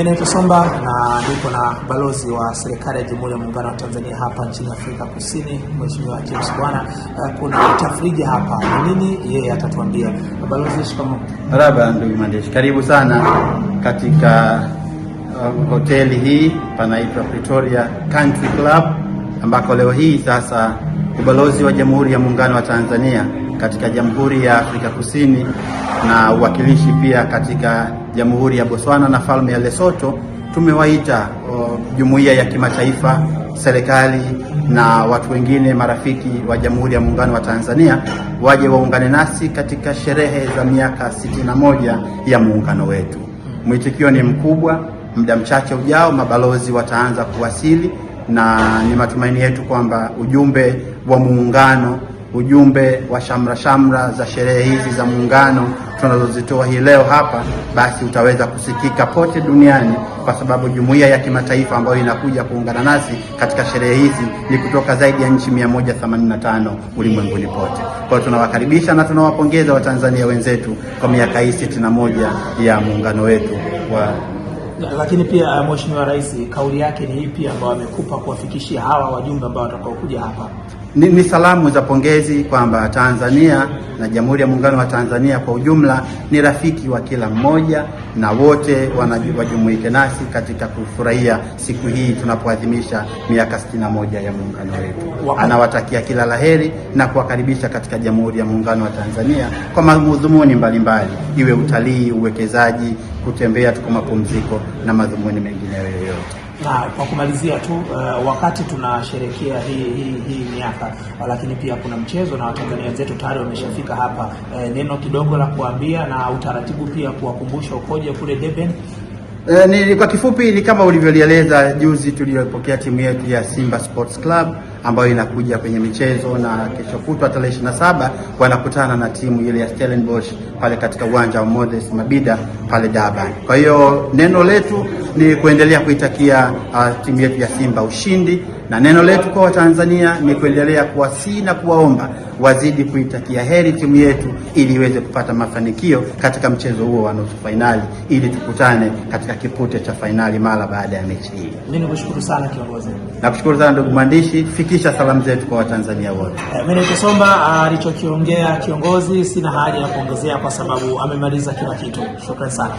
Mimi naitwa Somba na niko na balozi wa serikali ya Jamhuri ya Muungano wa Tanzania hapa nchini Afrika Kusini, Mheshimiwa James Bwana. Eh, kuna tafriji hapa, ni nini yeye atatuambia. Balozi, shikamoo. Marhaba ndugu mwandishi, karibu sana katika uh, hoteli hii panaitwa Pretoria Country Club ambako leo hii sasa ubalozi wa Jamhuri ya Muungano wa Tanzania katika Jamhuri ya Afrika Kusini na uwakilishi pia katika Jamhuri ya Botswana na falme ya Lesotho tumewaita jumuiya ya kimataifa, serikali na watu wengine marafiki wa Jamhuri ya Muungano wa Tanzania waje waungane nasi katika sherehe za miaka moja ya muungano wetu. Mwitikio ni mkubwa. Muda mchache ujao mabalozi wataanza kuwasili na ni matumaini yetu kwamba ujumbe wa muungano ujumbe wa shamra shamra za sherehe hizi za muungano tunazozitoa hii leo hapa, basi utaweza kusikika pote duniani, kwa sababu jumuiya ya kimataifa ambayo inakuja kuungana nasi katika sherehe hizi ni kutoka zaidi ya nchi 185 ulimwenguni pote. Kwa hiyo tunawakaribisha na tunawapongeza Watanzania wenzetu kwa miaka hii 61 moja ya muungano wetu wa lakini pia eh, Mheshimiwa Rais kauli yake ni ipi ambayo amekupa kuwafikishia hawa wajumbe ambao watakaokuja hapa? ni, ni salamu za pongezi kwamba Tanzania na Jamhuri ya Muungano wa Tanzania kwa ujumla ni rafiki wa kila mmoja na wote wajumuike nasi katika kufurahia siku hii tunapoadhimisha miaka 61 ya muungano wetu. Anawatakia kila laheri na kuwakaribisha katika Jamhuri ya Muungano wa Tanzania kwa madhumuni mbalimbali, iwe utalii, uwekezaji, kutembea tuko mapumziko na madhumuni mengineyo yoyote. Na kwa kumalizia tu uh, wakati tunasherehekea hii hii hii miaka, lakini pia kuna mchezo na Watanzania wenzetu tayari wameshafika hapa. E, neno kidogo la kuambia na utaratibu pia kuwakumbusha ukoje kule Deben. E, eh, ni kwa kifupi ni kama ulivyolieleza juzi tuliyopokea timu yetu ya Simba Sports Club ambayo inakuja kwenye michezo, na kesho kutwa tarehe ishirini na saba wanakutana na timu ile ya Stellenbosch pale katika uwanja wa Moses Mabida pale Durban. Kwa hiyo neno letu ni kuendelea kuitakia uh, timu yetu ya Simba ushindi, na neno letu kwa Watanzania ni kuendelea kuwasii na kuwaomba wazidi kuitakia heri timu yetu ili iweze kupata mafanikio katika mchezo huo wa nusu fainali, ili tukutane katika kipute cha fainali mara baada ya mechi hii. Mimi sana kiongozi. Nakushukuru sana ndugu mwandishi. Fikisha salamu zetu kwa Watanzania wote. Eh, Mimi naitwa Somba. Ah, alichokiongea kiongozi sina haja ya kuongezea, kwa sababu amemaliza kila kitu. Shukrani sana.